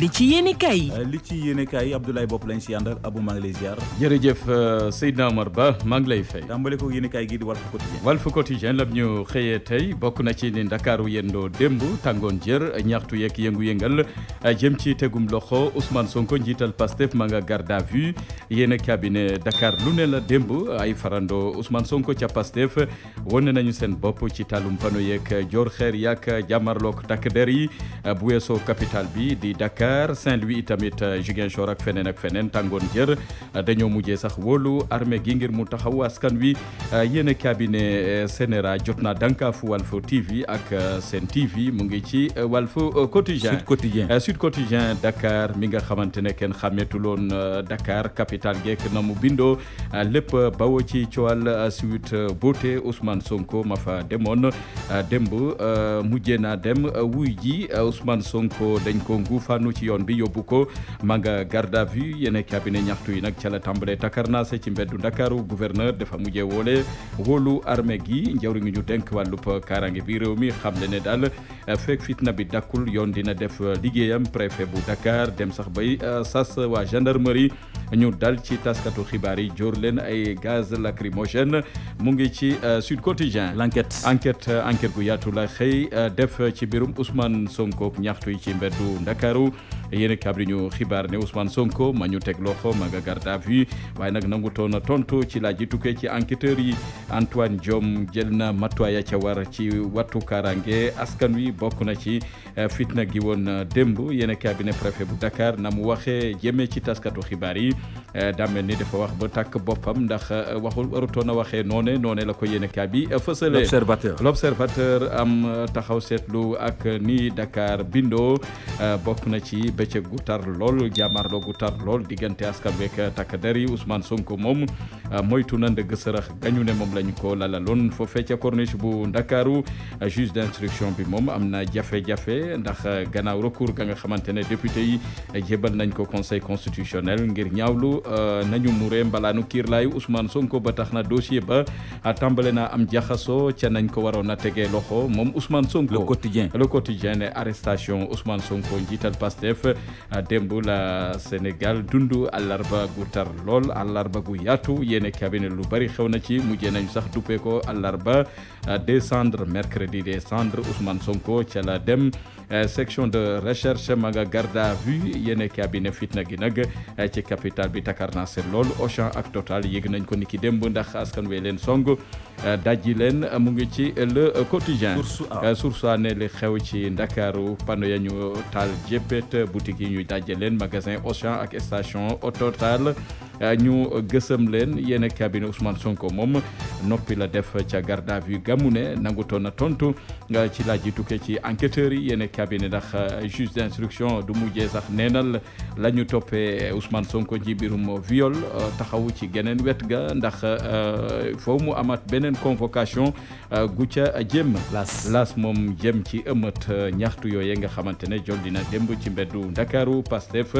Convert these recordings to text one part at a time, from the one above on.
li ci yéene kaay euh, li ci yéene kaay Abdoulaye Bopp lañ si àndal Abou maa ngi lay ziar jërëjëf euh, Seydina Omar Ba maa ngi lay fay tàmbale ko yéene kaay gi di Walf Quotidien Walf Quotidien lam ñu xëyee tey bokk na ci ni Ndakaaru yendoo démb tàngoon jër ñaxtu yeeg yëngu-yëngal euh, jëm ci tegum loxo Ousmane Sonko njiital Pastef ma nga garde à vue yéen cabinet Dakar lu ne la démb ay farando Ousmane Sonko ca Pastef wone nañu seen bopp ci talum pano yeeg joor xeer yaak jàmmarlook takk der yi bu weesoo capital bi di Dakar Saint-Louis itamit eh, Ziguinchor ak feneen ak feneen tàngoon jër eh, dañoo mujjee sax wóolu armée gi ngir mu taxaw askan wi eh, yéen cabinet sénéra jot na naa dankaafu Walf TV ak Sen TV mu ngi ci Walf Quotidien Sud Quotidien Sud Quotidien Dakar mi nga xamante ne kenn xàmmeetuloon Dakar capital geek na mu bindoo lépp bawoo ci coowal Sweet Beauté Ousmane Sonko ma fa demoon démb mujjee naa dem wuy ji Sonko dañ guufaanu ci yoon bi yóbbu ko ma nga garde à vue yéen cabinet ñaxtu yi nag ca la tàmbalee takarnaase ci mbeddu Ndakaaru gouverneur dafa mujjee woole wóolu armée gi njawri ngi ñu dénk wàllub kaaraange bi réew mi xam le ne daal fekk fitna bi dakkul yoon dina def liggéeyam préfet bu Dakar dem sax bay sas waa gendarmerie ñu dal ci taskatu xibaar yi jóor leen ay gaz lacrymogène mu ngi ci euh, Sud Quotidien l'enquête enquête euh, enquête bu yaatu la xëy euh, def ci mbirum Ousmane Sonko ñaxtu yi ci mbeddu Caru yéen a kaabri ñu xibaar ne Ousmane Sonko ma ñu teg loxo ma nga garde à vue waaye nag nangu toon na tontu ci laaj yi tukkee ci enquêteurs yi Antoine Diome jël na matuwaaya ca war ci watu kaaraange askan wi bokk na ci eh, fitna gi woon eh, démb yéen a cabinet préfet bu Dakar na mu waxee jëmee ci taskatu xibaar yi eh, daa mel ni dafa wax ba tàkk boppam ndax waxul warutoon a waxee noone noone la ko yéen a kaabi fësale l'observateur l'observateur am taxaw seetlu ak ni Dakar bindoo bokk na ci bëccëg gu tar lool jàmmaarloo gu tar lool diggante askan beeg takk der yi Ousmane Sonko moom euh, moytu na ndëgg sërëx gañu ne moom lañ ko lalaloon foofee ca corniche bu Ndakaaru euh, juge d'instruction bi moom am na jafe-jafe ndax euh, gannaaw recours ga nga xamante ne député yi jébal nañ ko conseil constitutionnel ngir ñaawlu nañu muree mbalaanu kiirlaayu Ousmane Sonko ba tax na dossier ba tàmbale naa am jaxasoo ca nañ ko waroon a tegee loxo moom Ousmane Sonko. le quotidien le quotidien Euh, démb la Sénégal dund àllarba gu tar lool àllarba gu yaatu yéene kabine lu bari xew na ci mujjee nañu sax duppee ko àllarba euh, décembre mercredi décembre Ousmane Sonko ca la dem euh, section de recherche ma nga garde à vue yéene kabine fitna gi nag ci capital bi Dakar na seet lool Auchan ak Total yëg nañ ko niki demb ndax askan wi leen song. Euh, dajji leen euh, mu ngi ci euh, le quotidien source a ne li xew ci ndakaaru pano ya ñu taal jéppét boutique yi ñuy dajje leen magasin Auchan ak station Total Euh, ñu gësam leen yéen cabinet Ousmane Sonko moom noppi la def ca garde à vue gàmmu ne nangutoon na tontu ci laaj yi tukkee ci enquêteurs yi yéen cabinet ndax euh, juge d'instruction du mujjee sax neenal la ñu toppee Ousmane Sonko ci mbirum viol euh, taxawu ci geneen wet ga ndax foo mu amaat beneen convocation gu ca jëm las moom jëm ci ëmët ñaxtu yooye nga xamante ne jol dina démb ci mbeddu Ndakaaru Pastef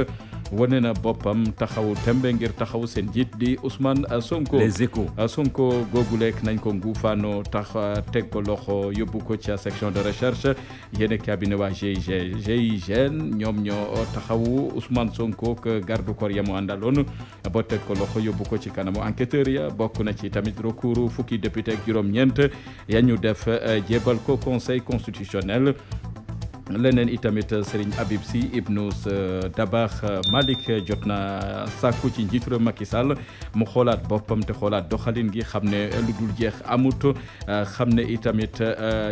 wane na boppam taxawu tembe ngir taxaw seen jiit di Ousmane Sonko. les échos ah, Sonko googuleek nañ ko nguufaanoo tax ah, teg ko loxo yóbbu ko ci section de recherche yéen cabinet waa GIG GIGN ñoom ñoo taxawu Ousmane Sonko ak garde corps ya mu àndaloon ba teg ko loxo yóbbu ko ci kanamu enquêteur ya bokk na ci tamit recours fukki député ak juróom-ñeent ya ñu def eh, jébal ko conseil constitutionnel. leneen itamit Serigne Habib Sy ibnu euh, Dabakh Malick euh, jot na sàkku ci njiitu réew Macky Sall mu xoolaat boppam te xoolaat doxalin gi xam ne lu dul jeex amut euh, xam ne itamit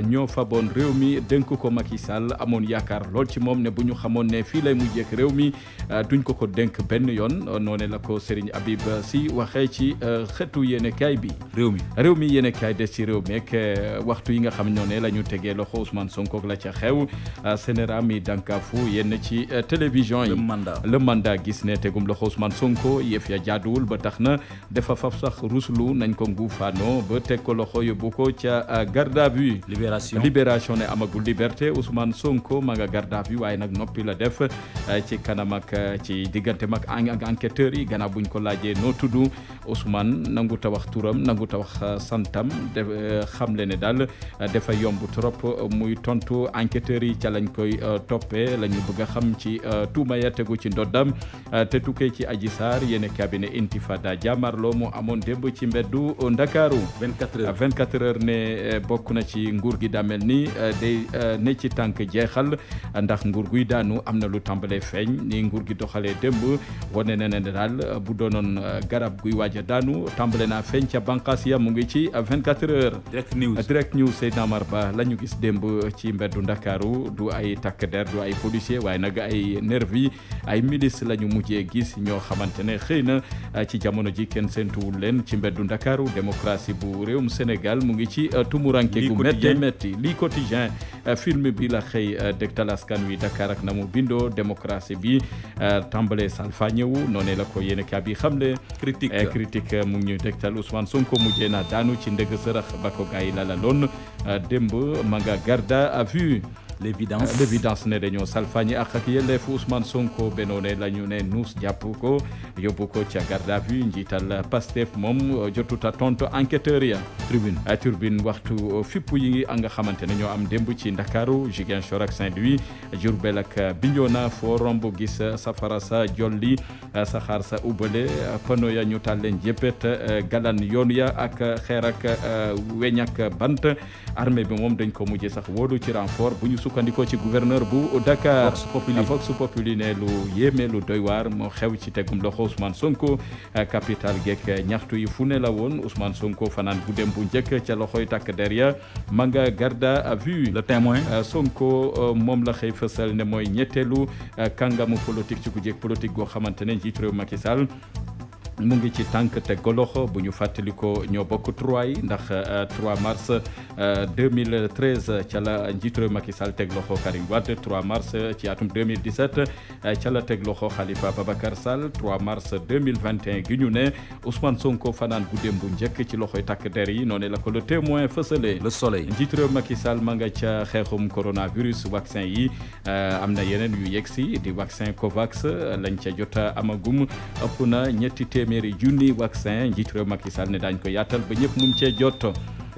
ñoo faboon réew mi dénk ko Macky Sall amoon yaakaar lool ci moom ne bu ñu xamoon ne fii lay mujjee ak réew mi duñ ko ko dénk benn yoon noone la ko seriñ Habib si waxee ci xetu yéene kaay bi. réew mi réew mi yéene kaay des ci réew mek ak waxtu yi nga xam ñoo ne la ñu tegee loxo Ousmane Sonko la ca xew. sénéra mi dankafu yenn ci euh, télévision yi le mandat gis ne tegum loxo Ousmane Sonko yëf ya jaaduwul ba tax na dafa faf sax ruslu nañ ko nguufaano ba teg ko loxo yóbbu ko ca euh, garde à vue libération libération ne amagul liberté Ousmane Sonko ma nga garde à vue waaye nag noppi la def euh, ci kanam ak ci diggante mag ak enquêteurs yi gannaaw buñ ko laajee noo tudd Ousmane nangu ta wax turam nangu wax santam de xamle ne daal yomb trop muy tontu enquêteurs yi lañ koy euh, toppee la ñu bëgg a xam ci euh, tuuma ya tegu ci ndoddam euh, te tukkee ci Adji Sarr yéen cabinet Intifada jàmmarloo mu amoon démb ci mbeddu Ndakaaru 24 heures 24 heures ne bokk na ci nguur gi daa mel ni day ne ci tànk jeexal ndax nguur guy daanu am na lu tàmbalee feeñ ni nguur gi doxalee démb wane na ne daal bu doonoon garab guy waaj a daanu tàmbale naa feeñ ca bànqaas ya mu ngi ci 24 heures. direct news direct news Seydina Amar Ba la ñu gis démb ci mbeddu Ndakaaru du ay takk der du ay policier waaye nag ay nervi ay milice la ñu mujjee gis ñoo xamante ne xëy na ah, ci jamono ji kenn séentuwul leen ci mbeddu Ndakaaru démocratie bu réewum Sénégal mu ngi ci ah, tumuranke gu métti métti lii quotidien ah, film bi la xëy dëgtal askan wi Dakar na mu bindoo démocratie bi tàmbale salfaañewu noonee la ko yéen a bi xamle critique eh, critique mu ngi ñuy dëgtal Ousmane Sonko mujjee na daanu ci ndëgg sërëx ba ko gaay la la loon démb maga nga garde l'évidence euh, l'évidence ne dañoo salfañi ak ak yelleefu Ousmane Sonko benoo ne ñu ne nuus jàpp ko yóbbu ko ca garde à vue njiital Pastef moom euh, jotuta tontu enquêteur ya tribune euh, turbine waxtu fipp yi ngi nga xamante ne ñoo am démb ci Ndakaaru Ziguinchor ak Saint-Louis Diourbel ak Bignona foo romb gis safara sa jolli saxaar sa ubale pano ya ñu tàl leen jëppet galan yoon ya ak xeer ak weñ ak bant armée bi moom dañ ko mujjee sax wóolu ci renfort bu sukkandikoo ci gouverneur bu Dakar Vox Populi ne lu yéeme lu doy waar moo xew ci tegum loxo Ousmane Sonko capital geek ñaxtu yi fu ne la woon Ousmane Sonko fanaan bu guddeem bu njëkk ca loxoy takk der ya ma nga garde à vue le témoin euh, Sonko euh, moom la xëy fësal ne mooy ñetteelu euh, kàngamu politique ci ku jeeg politique goo xamante ne njiit réew Macky Sall mu ngi ci tànk teg ko loxo bu ñu fàttalikoo ñoo bokk 3 yi ndax 3 euh, mars 2013 euh, ca la njiitu réew Macky Sall teg loxo Karim Wade 3 mars ci atum 2017 euh, ca la teg loxo Khalifa Babacar Sall 3 mars 2021 gi ñu ne Ousmane Sonko fanaan guddeem bu njëkk ci loxoy takk der yi noonu la ko le témoin fësale le soleil njiitu réew Macky Sall ma nga ca xeexum coronavirus vaccin yi am na yeneen yu yegsi di vaccin Covax lañ ca jot amagum ëpp na ñetti téeméer téeméeri junni vaccin njiitu réew Macky Sall ne daañ ko yaatal ba ñëpp mun cee jot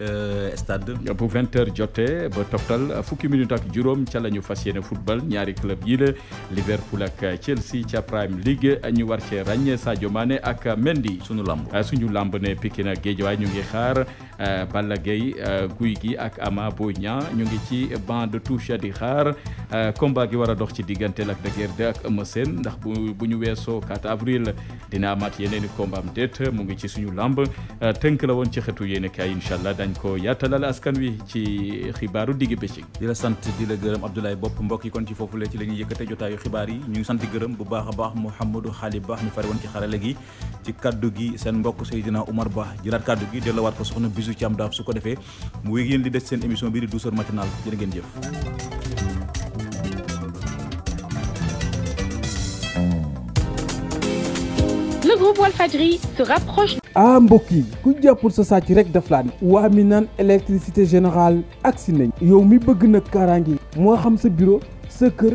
euh, stade bu 20 heures jotee ba toftal fukki minute ak juróom ca la ñu fas yéene football ñaari club yi la Liverpool ak Chelsea ca Prime League ñu war cee ràññee Sadio Mané ak Mendy. suñu lamb ah, suñu lamb ne Pikine ak Guédiawaye ñu ngi xaar. Euh, Balla Gaye euh, Guy gi ak Ama Boy Niang ñu ngi ci banc de touche di xaar euh, combat gi war a dox ci diggante Lac de Guiers 2 ak Eumeu Sène ndax bu bu ñu weesoo 4 avril dina amaat yeneen i combat am mu ngi ci suñu lamb tënk la woon ci xetu yéen kaay incha allah dañ ko yaatalal askan wi ci xibaaru digg di la di la gërëm Abdoulaye Bopp mbokk yi kon ci foofu la ci la ñuy yëkkate jotaayu xibaar yi ñu ngi sant gërëm bu baax a baax Mouhamadou Xaali Baax mi fari woon ci xarale gi ci kaddu gi seen mbokk Seydina Oumar Ba jëlaat kaddu gi delloowaat ko soxna bisu bisu Thiam Daaf su ko defee mu wéy yéen seen émission bii di douceur ah, mbokk yi ku jàppul sa sàcc rek daf laa ne. waa mi naan électricité générale agsi nañ. yow mi bëgg nag kaaraange moo xam sa bureau sa kër.